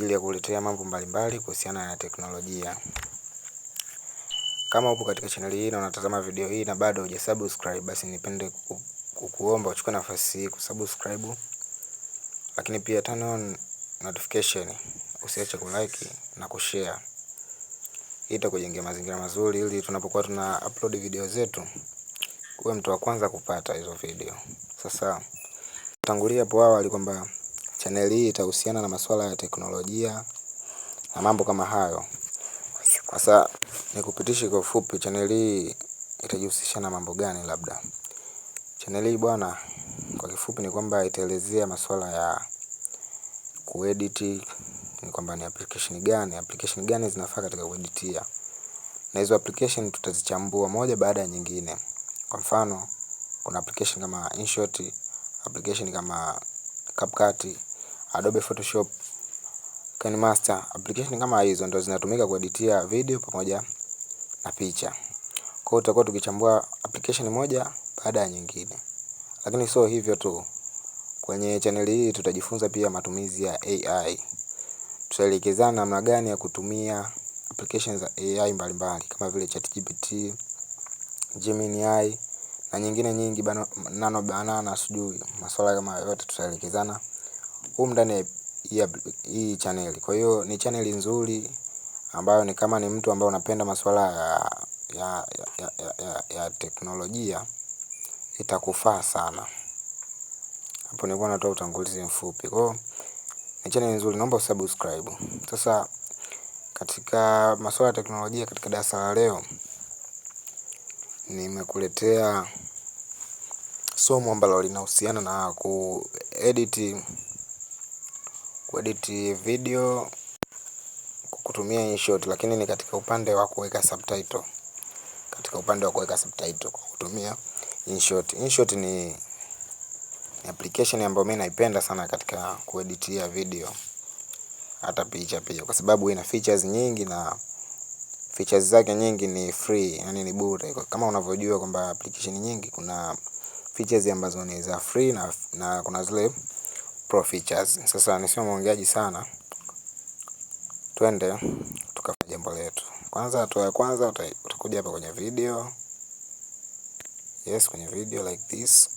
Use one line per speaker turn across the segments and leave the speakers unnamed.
ajili ya kuletea mambo mbalimbali kuhusiana na teknolojia. Kama upo katika chaneli hii na unatazama video hii na bado hujasubscribe, basi nipende kukuomba uchukue nafasi hii kusubscribe, lakini pia turn on notification, usiache kulike na kushare. Hii itakujengea mazingira mazuri, ili tunapokuwa tuna upload video zetu uwe mtu wa kwanza kupata hizo video. Sasa tangulia hapo awali kwamba Chaneli hii itahusiana na masuala ya teknolojia na mambo kama hayo. Kwa sasa nikupitishe kwa ufupi chaneli hii itajihusisha na mambo gani labda. Chaneli hii bwana kwa kifupi ni kwamba itaelezea masuala ya kuedit, Ni kwamba ni application gani, application gani zinafaa katika kueditia. Na hizo application tutazichambua moja baada ya nyingine. Kwa mfano, kuna application kama InShot, application kama CapCut, Adobe Photoshop, Canmaster, application kama hizo ndio zinatumika kuaditia video pamoja na picha. Kwa hiyo tutakuwa tukichambua application moja baada ya nyingine, lakini sio hivyo tu. Kwenye chaneli hii tutajifunza pia matumizi ya AI. Tutaelekezana namna gani ya kutumia applications za AI mbalimbali mbali, kama vile ChatGPT, Gemini na nyingine nyingi bano, nano banana sijui masuala kama yote tutaelekezana humu ndani ya hii chaneli. Kwa hiyo ni chaneli nzuri ambayo ni kama ni mtu ambaye unapenda masuala ya, ya, ya, ya, ya, ya teknolojia itakufaa sana. Hapo nilikuwa natoa utangulizi mfupi. Kwa hiyo ni chaneli nzuri, naomba usubscribe. Sasa katika masuala ya teknolojia katika darasa la leo nimekuletea somo ambalo linahusiana na kuedit kuedit video kutumia InShot, lakini ni katika upande wa kuweka subtitle, katika upande wa kuweka subtitle kwa kutumia InShot. InShot ni, ni application ambayo mimi naipenda sana katika kueditia video hata picha pia, kwa sababu ina features nyingi na features zake nyingi ni free, yani ni bure, kama unavyojua kwamba application nyingi kuna features ambazo ni za free na, na kuna zile pro features. Sasa nisiwe mwongeaji sana, twende tukafanya jambo letu. Kwanza, hatua ya kwanza utakuja hapa kwenye video, yes, kwenye video like this.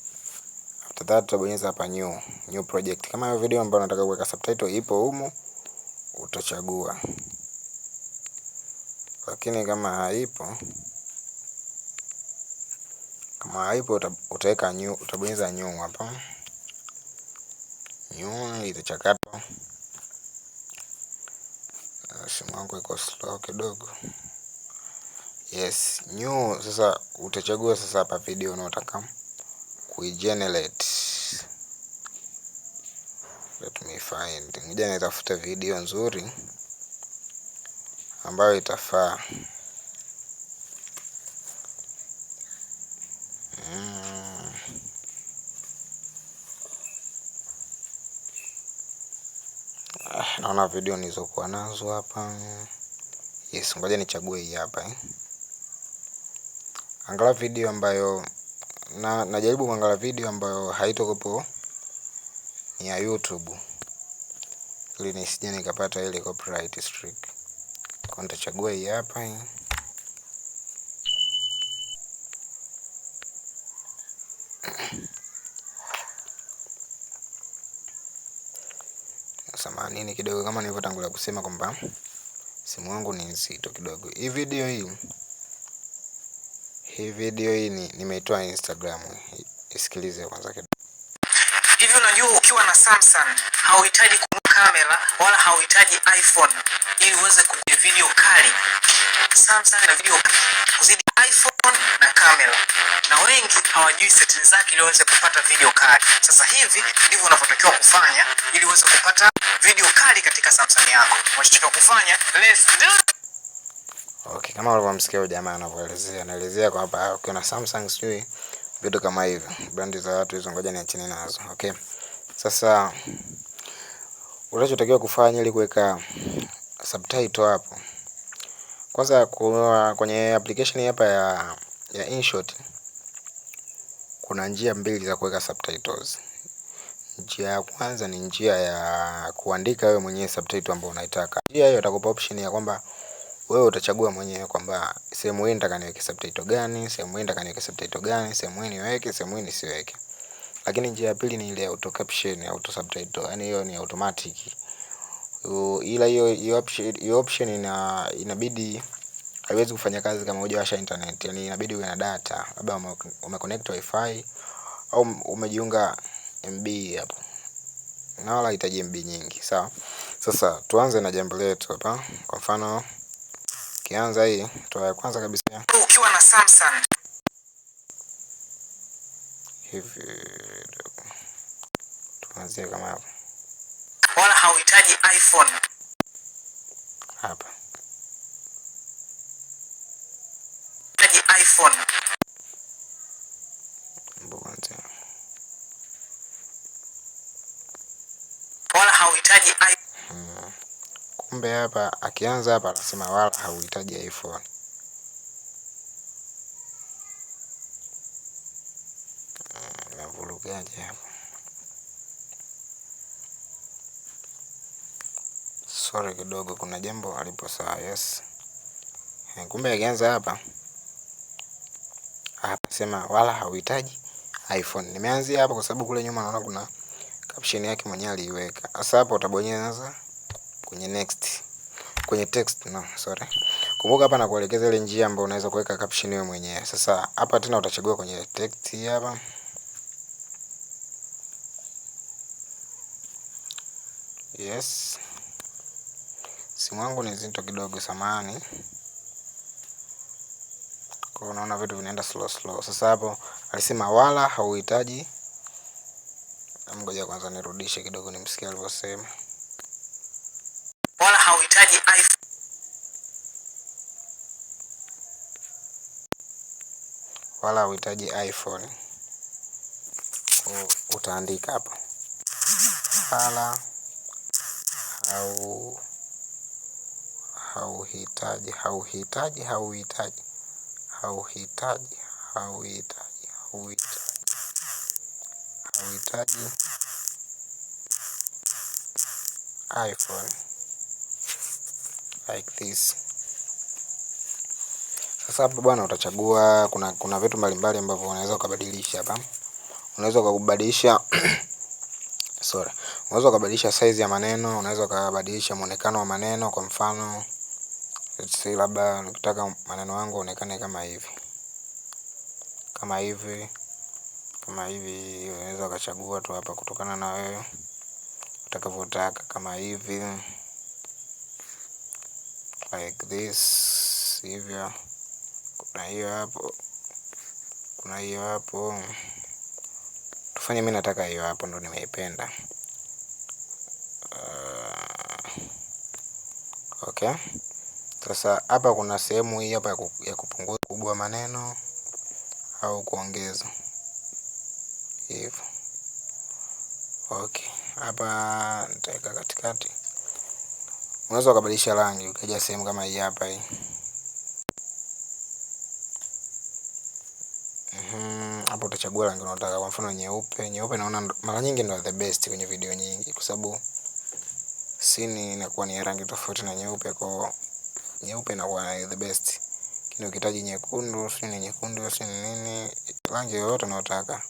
After that utabonyeza hapa new new project. Kama hiyo video ambayo nataka kuweka subtitle ipo humu, utachagua, lakini kama haipo kama haipo utaweka new, utabonyeza new hapa nyuma itachakatwa. Ah, simu yangu iko slow kidogo. Yes, new. Sasa utachagua sasa hapa video unaotaka kuigenerate. Let me find, ngoja nitafute video nzuri ambayo itafaa. Ah, naona video nilizokuwa nazo hapa. Yes, ngoja nichague hii hapa eh. Angalau video ambayo na najaribu kuangalia video ambayo haitokopo ni ya YouTube ili nisije nikapata ile copyright strike. Kwa nitachagua hii hapa eh. samanini kidogo, kama nilivyotangulia kusema kwamba simu yangu ni nzito kidogo. Hii video hii hii video hii nimeitoa Instagram, isikilize kwanza kidogo.
Hivi unajua ukiwa na Samsung hauhitaji kununua kamera wala hauhitaji iPhone ili uweze kupiga video kali. Samsung na video kuzidi iPhone na kamera na wengi hawajui setting zake ili waweze kupata video kali. Sasa hivi ndivyo unavyotakiwa kufanya ili uweze kupata video kali katika Samsung yako. Unachotakiwa kufanya let's do
Okay, kama ulivyomsikia huyo jamaa anavyoelezea, anaelezea kwamba kuna Samsung sijui vitu kama hivyo, brandi za watu hizo, ngoja niachane nazo. Okay, sasa unachotakiwa kufanya ili kuweka subtitle hapo, kwanza kwenye application hapa ya ya InShot kuna njia mbili za kuweka subtitles. Njia ya kwanza ni njia ya kuandika wewe mwenyewe subtitle ambayo unaitaka. Njia hiyo itakupa option ya kwamba wewe utachagua mwenyewe kwamba sehemu hii nataka niweke subtitle gani, sehemu hii nataka niweke subtitle gani, sehemu hii niweke, sehemu hii nisiweke. Lakini njia ya pili ni ile auto caption, auto subtitle, yani hiyo ni automatic. Ila hiyo option ina inabidi haiwezi kufanya kazi kama hujawasha internet, yani inabidi uwe na data, labda umeconnect wifi au umejiunga MB hapo, na wala hitaji MB nyingi sawa. Sasa tuanze na jambo letu hapa. Kwa mfano kianza hii toa ya kwanza kabisa
ukiwa na Samsung hivi, tuanzie kama hapo, wala hauhitaji iPhone hapa Wala hauhitaji Hmm. Kumbe hapa akianza hapa anasema wala hauhitaji iPhone. Hmm, navurugaje hapa? Sorry kidogo, kuna jambo alipo sawa. Yes, eh, kumbe akianza hapa sema wala hauhitaji iPhone. Nimeanzia hapa kwa sababu kule nyuma naona kuna caption yake mwenyewe aliiweka. Sasa hapo utabonyeza kwenye next. Kwenye text no, sorry. Kumbuka hapa nakuelekeza ile njia ambayo unaweza kuweka caption wewe mwenyewe. Sasa hapa tena utachagua kwenye text hapa. Yes. Simu yangu ni nzito kidogo, samahani. Kwa unaona vitu vinaenda slow slow. Sasa hapo alisema wala hauhitaji. Ngoja kwanza nirudishe kidogo nimsikie alivyosema. Wala hauhitaji iPhone. Wala hauhitaji iPhone. Utaandika hapo. Wala hau hauhitaji hauhitaji hauhitaji hauhitaji hauhitaji hauhitaji hauhitaji iPhone like this. Sasa hapa bwana, utachagua kuna kuna vitu mbalimbali ambavyo unaweza ukabadilisha hapa. Unaweza ukabadilisha sorry, unaweza ukabadilisha size ya maneno, unaweza ukabadilisha muonekano wa maneno, kwa mfano let's say labda nikitaka maneno yangu yaonekane kama hivi kama hivi kama hivi, unaweza ukachagua tu hapa kutokana na wewe utakavyotaka, kama hivi like this, hivyo. Kuna hiyo hapo, kuna hiyo hapo, tufanye mimi nataka hiyo hapo, ndo nimeipenda. Uh, okay. Sasa hapa kuna sehemu hii hapa ya kupunguza kubwa maneno au kuongeza hivyo. Okay, hapa nitaweka katikati. Unaweza ukabadilisha rangi ukaja sehemu kama hii hapa hii mhm. hapo utachagua rangi unataka, kwa mfano nyeupe. Nyeupe naona mara nyingi ndio the best kwenye video nyingi, kwa sababu sini inakuwa ni rangi tofauti na nyeupe kwao nyeupe inakuwa the best. Lakini ukihitaji nyekundu, si ni nyekundu, si ni nini, rangi yoyote unayotaka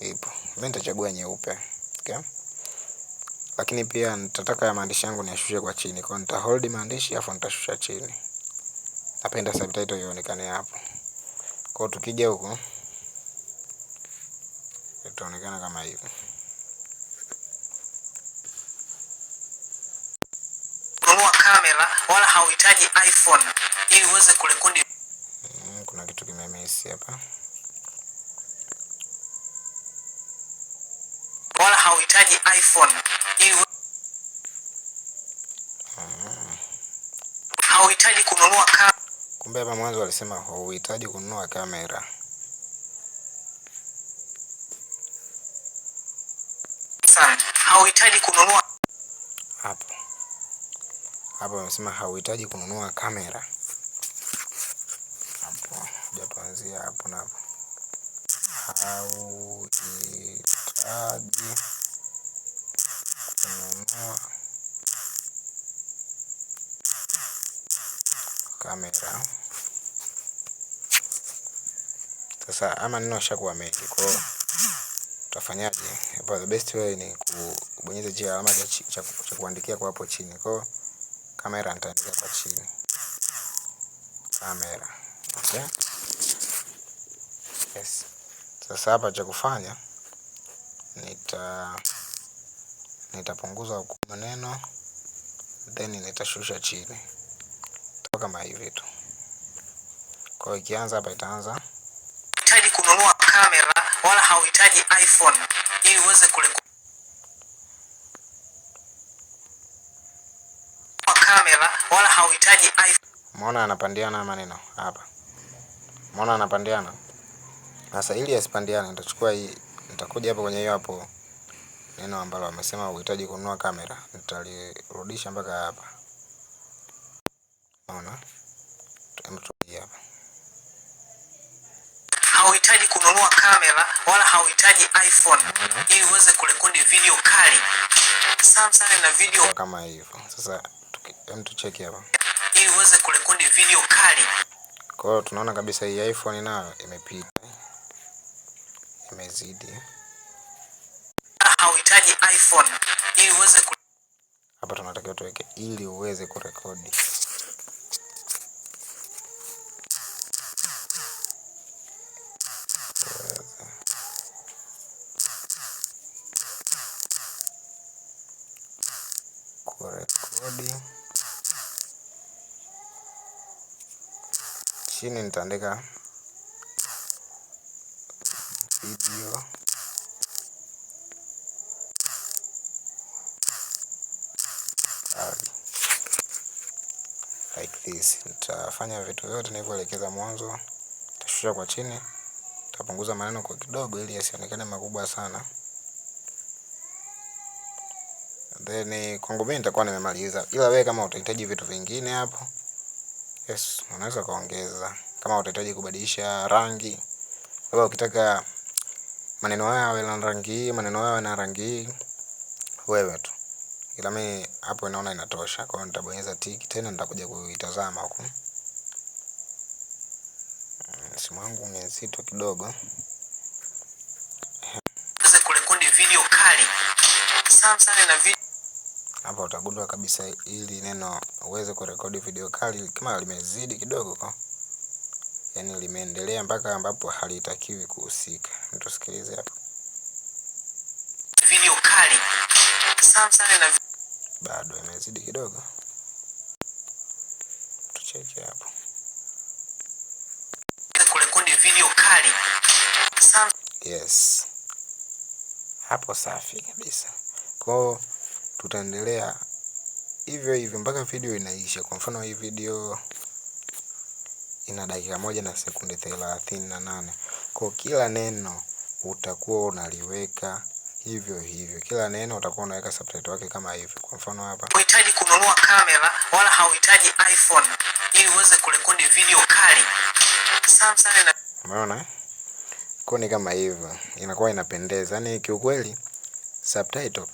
ipo. Mimi nitachagua nyeupe. Lakini pia nitataka ya maandishi yangu niyashushe kwa chini. Kwa hold maandishi alafu nitashusha chini. Napenda subtitle ionekane hapo. Kwa tukija huku itaonekana kama hivi. smartphone ili uweze kurekodi. Mm, kuna kitu kimemisi hapa. Wala hauhitaji iPhone ili mm, hauhitaji kununua kamera. Kumbe hapa mwanzo walisema hauhitaji kununua kamera. Hauhitaji kununua hapa wamesema hauhitaji kununua kamera. Hapo tuanzia hapo na hapo, hauhitaji kununua kamera. Sasa ama neno shakuwa mengi, kwa hiyo utafanyaje? Hapa the best way ni kubonyeza jia alama cha kuandikia kwa hapo chini kwao Kamera nitaandika hapa chini. Kamera. Okay. Yes. Sasa hapa cha kufanya nita nitapunguza maneno then nitashusha chini kama hivi tu. Kwa hiyo ikianza hapa itaanza. Unahitaji kununua kamera wala hauhitaji iPhone ili uweze kurekodi Umeona anapandiana maneno hapa. Umeona anapandiana. Sasa ili asipandiane nitachukua hii nitakuja hapo kwenye hiyo hapo neno ambalo amesema uhitaji kununua kamera, nitalirudisha mpaka hapa. Unaona? Tutamtulia hapa. Hauhitaji kununua kamera wala hauhitaji iPhone ili uweze kurekodi video kali. Samsung na video kama hivyo. Sasa tucheki hapa ili uweze kurekodi video kali. Kwa hiyo tunaona kabisa hii iPhone nayo imepita, imezidi. Hauhitaji iPhone ili uweze hapa, tunatakiwa tuweke ili uweze kurekodi chini nitaandika video like this. Nitafanya vitu vyote nilivyoelekeza mwanzo, nitashusha kwa chini, nitapunguza maneno kwa kidogo ili yasionekane makubwa sana. Then kwangu mimi nitakuwa nimemaliza, ila wewe kama utahitaji vitu vingine hapo Yes, unaweza ukaongeza kama utahitaji kubadilisha rangi. Labda ukitaka maneno haya yawe na rangi hii, maneno haya yawe na rangi hii, wewe tu. Ila mimi hapo naona inatosha, kwa hiyo nitabonyeza tiki tena, nitakuja kuitazama huku. Mm, simu yangu ni nzito kidogo. video kali sana na video. Hapa utagundua kabisa hili neno uweze kurekodi video kali kama limezidi kidogo, yani limeendelea mpaka ambapo halitakiwi kuhusika. Mtusikilize hapo. Video kali Samsung na bado imezidi kidogo, tucheke hapo kurekodi video kali Samsung. Yes, hapo safi kabisa kwao, tutaendelea hivyo hivyo mpaka video inaisha. Kwa mfano hii video ina dakika moja na sekunde thelathini na nane. Kwa kila neno utakuwa unaliweka hivyo hivyo, kila neno utakuwa unaweka subtitle wake kama hivyo Kwa mfano hapa, unahitaji kununua kamera wala hauhitaji iPhone ili uweze kurekodi video kali. Samsung na umeona kwa ni kama hivyo, inakuwa inapendeza. Yani kiukweli subtitle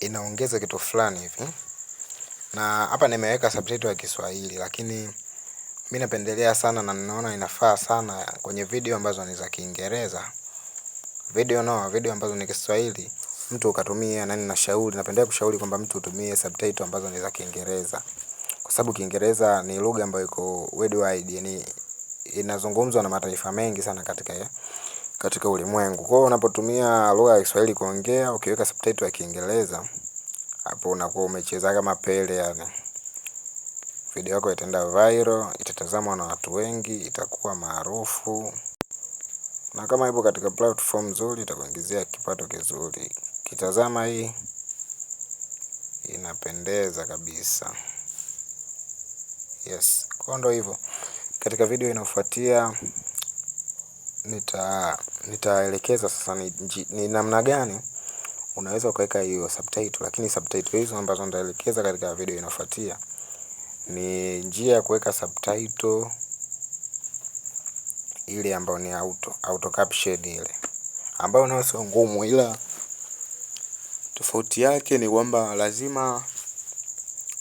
inaongeza kitu fulani hivi na hapa nimeweka subtitle ya Kiswahili, lakini mi napendelea sana na ninaona inafaa sana kwenye video ambazo ni za Kiingereza, video no, video ambazo ni Kiswahili mtu ukatumia nani, na shauri napendelea kushauri kwamba mtu utumie subtitle ambazo ni za Kiingereza, kwa sababu Kiingereza ni lugha ambayo iko worldwide, yani inazungumzwa na mataifa mengi sana katika katika ulimwengu. Kwa hiyo unapotumia lugha ya Kiswahili kuongea, ukiweka subtitle ya Kiingereza hapo unakuwa umecheza kama Pele yani. Video yako itaenda viral, itatazamwa na watu wengi, itakuwa maarufu, na kama ipo katika platform nzuri itakuingizia kipato kizuri. Kitazama hii inapendeza kabisa. Yes, kwa ndo hivyo. Katika video inayofuatia nita nitaelekeza sasa ni, ni namna gani unaweza ukaweka hiyo subtitle, lakini subtitle hizo ambazo nitaelekeza katika video inafuatia ni njia ya kuweka subtitle ile ambayo ni auto, auto caption ile ambayo nayo sio ngumu, ila tofauti yake ni kwamba lazima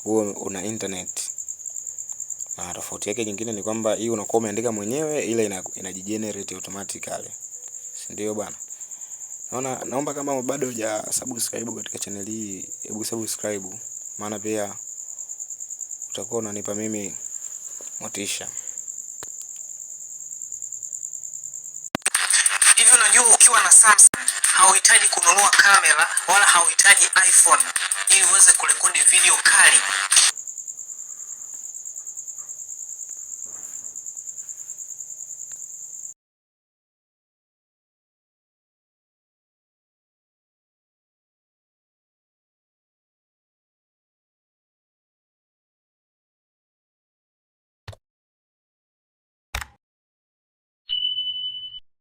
uwe una internet na tofauti yake nyingine ni kwamba hii unakuwa umeandika mwenyewe, ile inajigenerate automatically, si ndio bwana? Naona, naomba kama bado huja subscribe katika channel hii, hebu subscribe, maana pia utakuwa unanipa mimi motisha. hivi unajua, ukiwa na Samsung hauhitaji kununua kamera wala hauhitaji iPhone ili uweze kurekodi video kali.